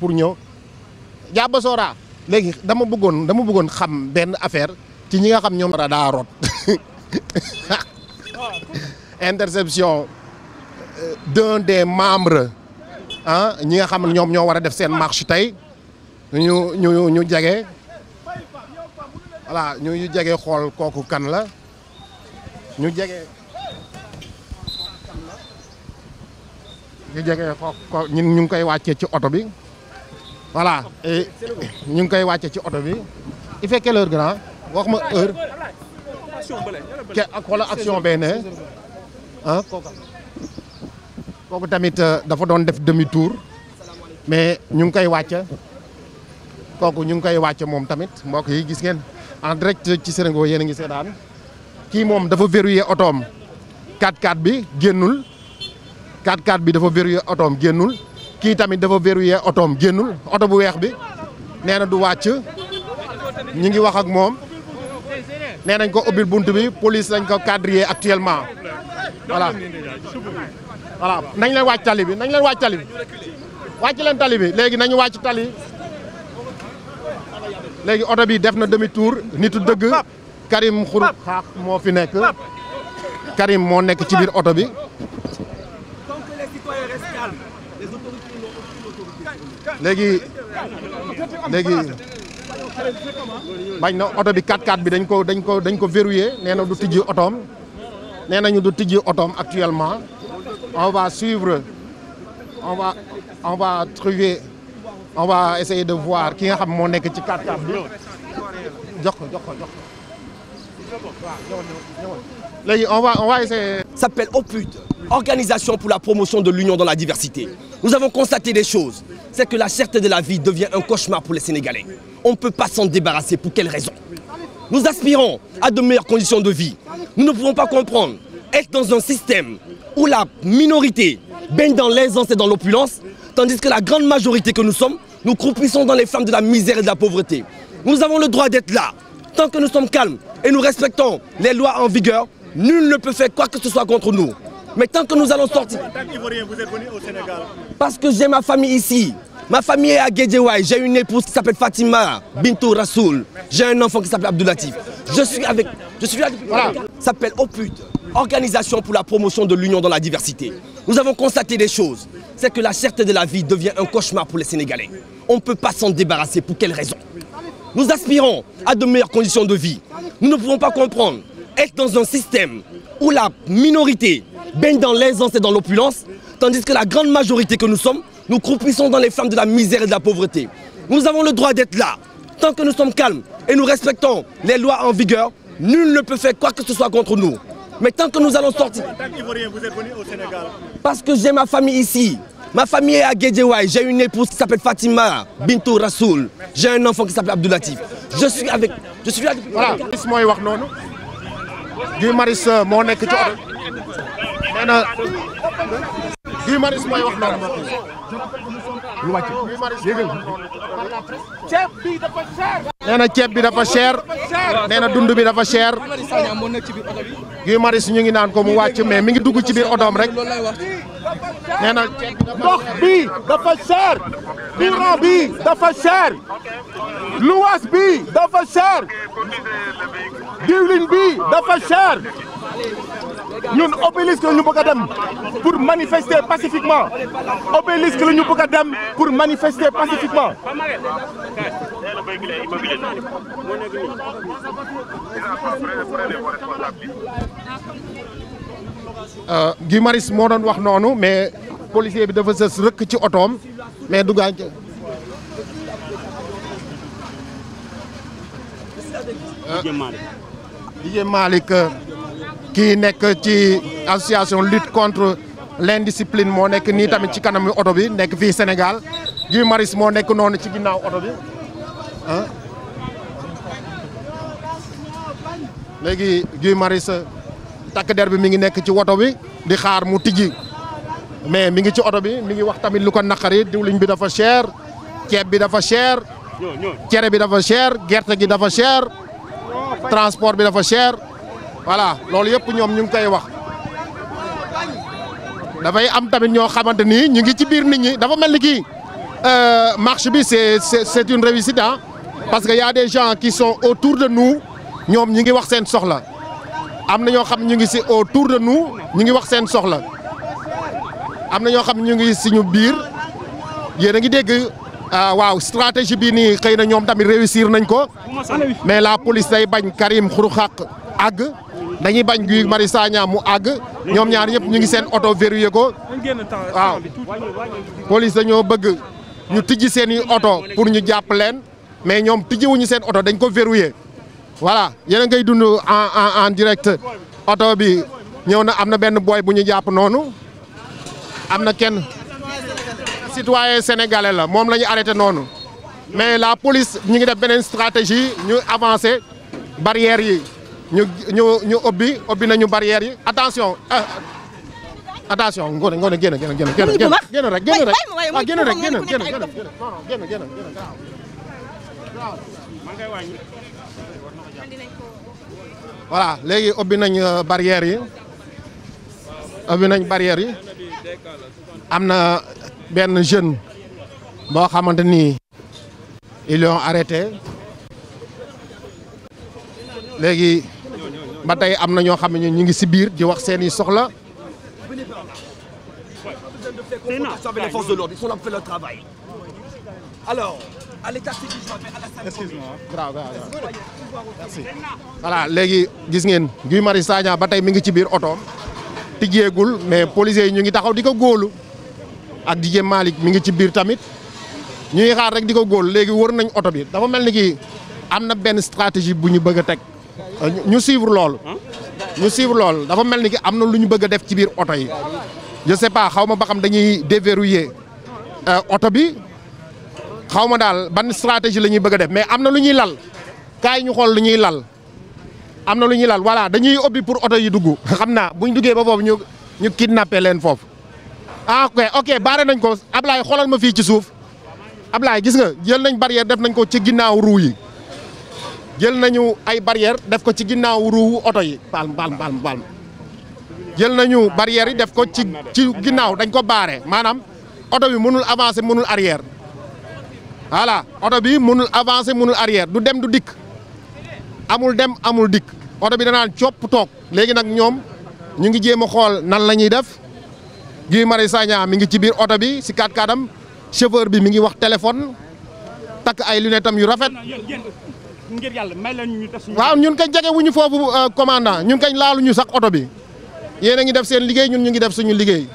pour ñëw jàpp léegi dama bëggoon dama bëggoon xam benn affaire ci ñi nga xam ñoom. daa rot interception euh, d'un des membres ah ñi nga xam ñoom ñoo war a def seen marche tey ñu ñu ñu jege voilà ñu ñu jege xool kooku kan la ñu jege. ñu jege ko ñu ngi koy wàccee ci oto bi. voilà ñu ngi koy wàcce ci oto bi il fait quelle heure grand wax ma heure ke wala action bee ne ah kooku tamit euh, dafa doon def demi tour mais ñu ngi koy wàcce kooku ñu ngi koy wàcce moom tamit mbokk yi gis ngeen en direct ci Sénégal yéen a ngi seetaan kii moom dafa verrouillé otoom 4 x bi génnul 4 x bi dafa verrouillé otoom génnul kii tamit dafa verrouillé otoom génnul oto bu weex bi nee na du wàcc ñi ngi wax ak moom nee nañ ko ubbil bunt bi police lañ ko quadriller actuellement voilà voilà nañ leen wàcc tali bi nañ leen wàcc tali bi wàcc leen tali bi léegi nañu wàcc tali léegi oto bi def na demi tuur nitu dëgg Karim Xrum moo fi nekk Karim moo nekk ci biir oto bi léegi léegi bañ na oto bi 4 x bi dañ ko dañ ko dañ ko verrouillé nee na du tijji otoom nee nañu du tijji otoom actuellement on va suivre on va on on va essayer de voir ki nga xam moo nekk ci 4x4 bi jox ko jox ko jox ko léegi on va on va essayer. s'appelle OPUD organisation pour la promotion de l'union dans la diversité nous avons constaté des choses. C'est que la cherté de la vie devient un cauchemar pour les Sénégalais. On ne peut pas s'en débarrasser. Pour quelles raisons Nous aspirons à de meilleures conditions de vie. Nous ne pouvons pas comprendre être dans un système où la minorité baigne dans l'aisance et dans l'opulence, tandis que la grande majorité que nous sommes, nous croupissons dans les flammes de la misère et de la pauvreté. Nous avons le droit d'être là. Mais tant que nous allons sortir... vous êtes venu au Sénégal Parce que j'ai ma famille ici. Ma famille est à Guédiawaye. J'ai une épouse qui s'appelle Fatima Bintou Rassoul. J'ai un enfant qui s'appelle Abdoulatif. Je suis avec... OPUD, Organisation pour la promotion de l'union dans la diversité. Nous avons constaté des choses. C'est que la cherté de la vie devient un cauchemar pour les Sénégalais. On ne peut pas s'en débarrasser. Pour quelles raisons Nous aspirons à de meilleures conditions la minorité baigne dans l'aisance et dans l'opulence, tandis que la grande majorité que nous sommes, nous croupissons dans les flammes de la misère et de la pauvreté. Nous avons le droit d'être là. Tant que nous sommes calmes et nous respectons les lois en vigueur, nul ne peut faire quoi que ce soit contre nous. Mais tant que nous allons sortir... Parce que j'ai ma famille ici. Ma famille est à Guédiawaye. J'ai une épouse qui s'appelle Fatima Bintou Rassoul. J'ai un enfant qui nee na Guy ceeb bi dafa cher nee na ceeb bi dafa cher nee na dund bi dafa cher Guy Marius ñu ngi naan ko mu wàcc mais mi ngi dugg ci biir odoom rek nee na ndox bi dafa cher courant bi dafa cher luwaas bi dafa cher diwlin bi dafa cher ñun obélisque la ñu bëgg a dem pour manifester pacifiquement obélisque la ñu bëgg a dem pour manifester pacifiquement. Euh, Guy maris moo doon wax noonu mais policier bi dafa sës rëkk ci otoom mais du gaañ Dijé euh, kii nekk ci association lutte contre l'indiscipline moo nekk nii tamit ci kanam oto bi nekk fii Sénégal Guy Marius moo nekk noonu ci ginnaaw oto bi ah léegi Guy Marius takk der bi mi ngi nekk ci woto bi di xaar mu tijji mais mu ngi ci oto bi mu ngi wax tamit lu ko naqari diwliñ bi dafa cher ceeb bi dafa cher cere bi dafa cher gerte gi dafa cher transport bi dafa cher voilà loolu yëpp ñoom ñu ngi koy wax dafay am tamit ñoo xamante nii ñu ngi ci biir nit ñi dafa mel ni kii euh, marche bi c'est c'est une réussite ah parce que y des gens qui son autour de nous ñoom ñu ngi wax seen soxla am na ñoo xam ñu ngi si autour de nous ñu ngi wax seen soxla am na ñoo xam ñu ngi suñu biir yéen a ngi dégg euh, waaw stratégie bii nii xëy na ñoom tamit réussir nañ ko mais la police day bañ Karim Xurum Xaq àgg. dañuy bañ Guy Marius Sagna mu àgg ñoom ñaar ñëpp ñu ngi seen oto verrouillé ko waaw police dañoo bëgg ñu tijji seen i oto pour ñu jàpp leen mais ñoom wu ñu seen oto dañ ko verrouillé voilà yéen a ngay dund en en direct oto bi ñëw na am na benn boy bu ñu jàpp noonu am na kenn citoyen sénégalais la moom la ñu arrêté noonu mais la police ñu ngi def beneen stratégie ñu avancé barrière yi ñu ñu ñu ubbi ubbi nañu barrières yi attention ah, attention ngoone ngoone génn génn génn génn génn génn rek génn rek waaw ah, génn rek génn léegi ubbi nañu euh, barrières yi ubbi nañ barrières yi am na benn jeune boo xamante ni ils l'ont léegi ba tey am na ñoo xam ne ñu ngi si biir di wax seeni soxla. avec les léegi gis ngeen Guy Marius Sagna ba tey mi ngi ci biir otoom tijjeegul mais policiers yi ñu ngi taxaw di ko góolu ak DJ Malick mi ngi ci biir tamit ñuy xaar rek di ko góol léegi wër nañ oto bi dafa mel ni ki am na benn stratégie bu ñu bëgg a teg Euh, ñu suivre loolu. ñu suivre lool dafa mel ni ki am na lu ñu bëgg a def ci biir oto yi je sais pas xaw ma ba xam dañuy déverrouiller euh, oto bi xaw ma daal ba stratégie la ñuy bëgg a def mais am na lu ñuy lal yi ñu xool lu ñuy lal am na lu ñuy lal voilà dañuy ubbi pour oto yi dugg xam naa bu ñu duggee ba foofu ñu ñu kidnappé leen foofu. ah ok ok nañ ko Ablaye xoolal ma fii ci suuf ab Ablaye gis nga jël nañ barrière def nañ ko ci ginnaaw ruu yi. jël nañu ay barrière def ko ci ginnaaw ruuwu oto yi baal baal baal baal jël nañu barrière yi def ko ci ci ginnaaw dañ ko baare maanaam oto bi mënul avancer mënul arrière voilà oto bi mënul avancer mënul arrière du dem du dikk amul dem amul dikk oto bi danaan copp toog léegi nag ñoom ñu ngi jéem a xool nan la ñuy def Guy Marius Sagna mi ngi ci biir oto bi si 4 x chauffeur bi mi ngi wax téléphone takk ay lunetam yu rafet ngir yàlla may leen ñu def waaw ñun kay jege wuñu foofu euh, commandant ñun kañ laaluñu sax oto bi yéen a ngi def seen liggéey ñun ñu ngi def suñu liggéey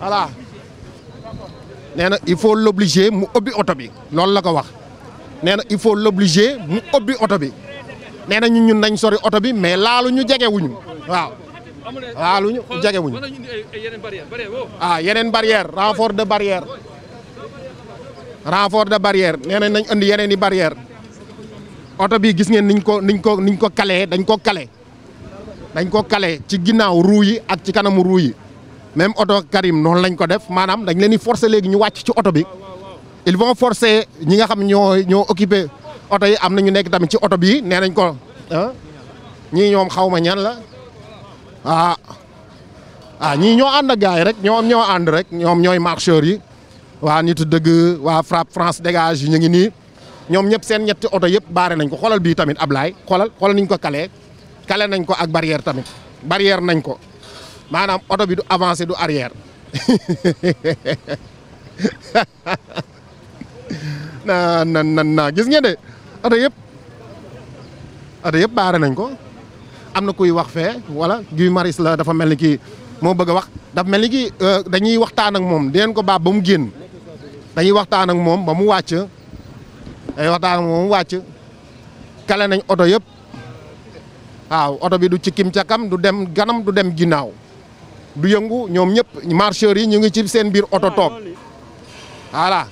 voilà nee na il faut l'obliger mu obbi oto bi loolu la ko wax nee na il faut l'obliger mu ubbi oto bi nee na ñun ñun nañ sori oto bi mais laaluñu jege wuñu waaw. laaluñu jege wuñu ah yeneen barrière renfort de barrière renfort de barrière nee nañ nañ indi yeneen i barrière oto bi gis ngeen niñ ko niñ ko niñ ko kalee dañ ko kale dañ ko kale ci ginnaaw ruu yi ak ci kanamu ruu yi même oto Karim noonu lañ ko def maanaam dañ leen di forcer léegi ñu wàcc ci oto bi ils vont forcer ñi nga xam ñoo ñoo occupé oto yi am na ñu nekk tamit ci oto bi nee nañ ko ah ñii ñoom xaw ma ñan la ah ah ñii ñoo ànd ak gars rek ñoom ñoo ànd rek ñoom ñooy marcheurs yi waa nit dëgg waa frappe France dégage yi ñu ngi nii. ñoom ñëpp seen ñetti oto yëpp baare nañ ko xoolal bii tamit Ablaye xoolal xoolal niñ ko kale kale nañ ko ak barrière tamit barrière nañ ko maanaam oto bi du avancé du arrière na na na na gis yëpp oto yëpp nañ ko am na kuy wax fee wala Guy maris la dafa mel ni kii moo bëgg a wax dafa mel ni ki euh, dañuy waxtaan ak moom dinañ ko baa ba mu génn dañuy waxtaan ak moom ba mu wàcc. day waxtaan moom wàcc kale nañ oto yëpp waaw oto bi du ci kim ca du dem ganam du dem ginnaaw du yëngu ñoom ñëpp marcheurs yi ñu ngi ci seen biir oto toog voilà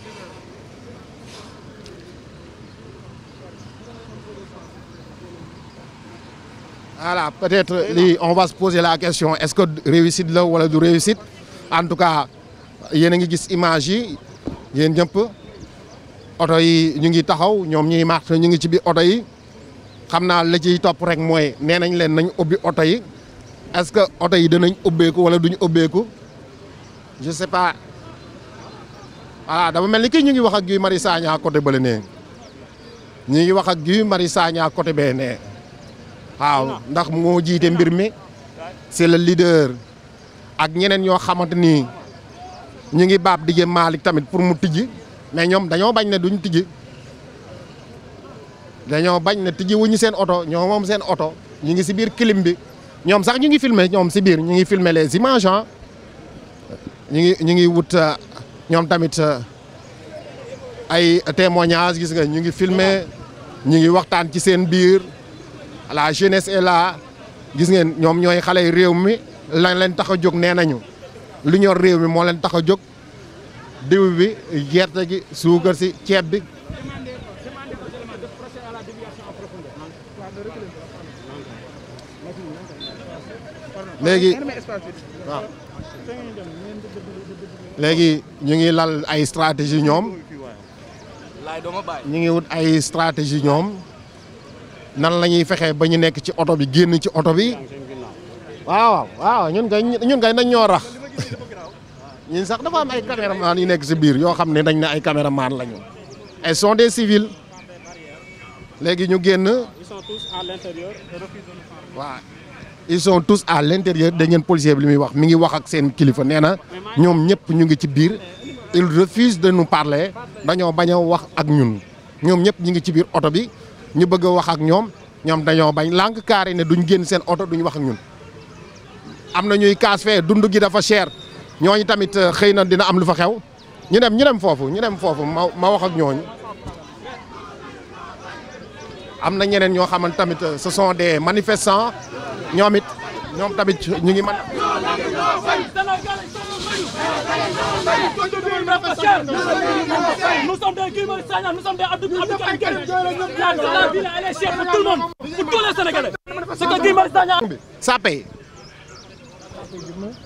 voilà peut-être lii on va se poser la question est-ce que réussite la wala du réussite en tout cas yéen a ngi gis image yi yéen ñëpp oto yi ñu ngi taxaw ñoom ñuy marche ñu ngi ci biir oto yi xam naa la ciy topp rek mooy nee nañ leen nañ ubbi oto yi est que oto yi danañ ubbeeku wala duñu ubbeeku je sais pas voilà dama mel ni kii ñu ngi wax ak Guy Marius Sagna côté bële nee ñu ngi wax ak Guy Marius Sagna côté bee nee waaw ndax moo jiite mbir mi c'est le leader ak ñeneen ñoo xamante ni ñu ngi baab dige Malick tamit pour mu tijji. mais ñoom dañoo bañ ne duñ tijji dañoo bañ ne tijji wuñu seen oto ñoo seen oto ñu ngi si biir clim bi ñoom sax ñu ngi filmer ñoom si biir ñu ngi filmer les images ah. ñu ngi ñu ngi wut ah, ñoom tamit ah, ay témoignages gis nga ñu ngi filmer ñu ngi waxtaan ci seen biir la jeunesse est la gis ngeen ñoom ñooy xale réew mi lañ leen tax a jóg nee nañu lu ñor réew mi moo leen tax a jóg. diw bi gerte gi suukar si ceeb bi léegi léegi ñu ngi lal ay stratégie ñoom ñu ngi wut ay stratégie ñoom nan la fexe fexee ba ñu nekk ci oto bi génn ci oto bi waaw waaw ñun kay ñun kay ñun sax dafa am ay caméraman yu nekk si biir yoo xam ne dañ ne ay caméraman lañu ay sont des civils léegi ñu génn. ils sont tous waaw ils sont tous à l'intérieur da ngeen policier bi li muy wax mi ngi wax ak seen kilifa nee na ñoom ñëpp ñu ngi ci biir ils refusent de nous parler dañoo bañ a wax ak ñun ñoom ñëpp ñu ngi ci biir oto bi ñu bëgg a wax ak ñoom ñoom dañoo bañ lànk carré ne duñ génn seen oto duñ wax ak ñun am na ñuy kaas fee dund gi dafa cher. ñooñu tamit euh, xëy na dina am lu fa xew ñu dem ñu dem foofu ñu dem foofu ma ma wax ak ñooñu am na ñeneen ñoo xamante tamit euh, ce sont des manifestants ñoom it ñoom tamit ñu ngi man Nous sommes des Guimard Sagna, nous sommes des Abdou Abdou Karim Gueye. La ville elle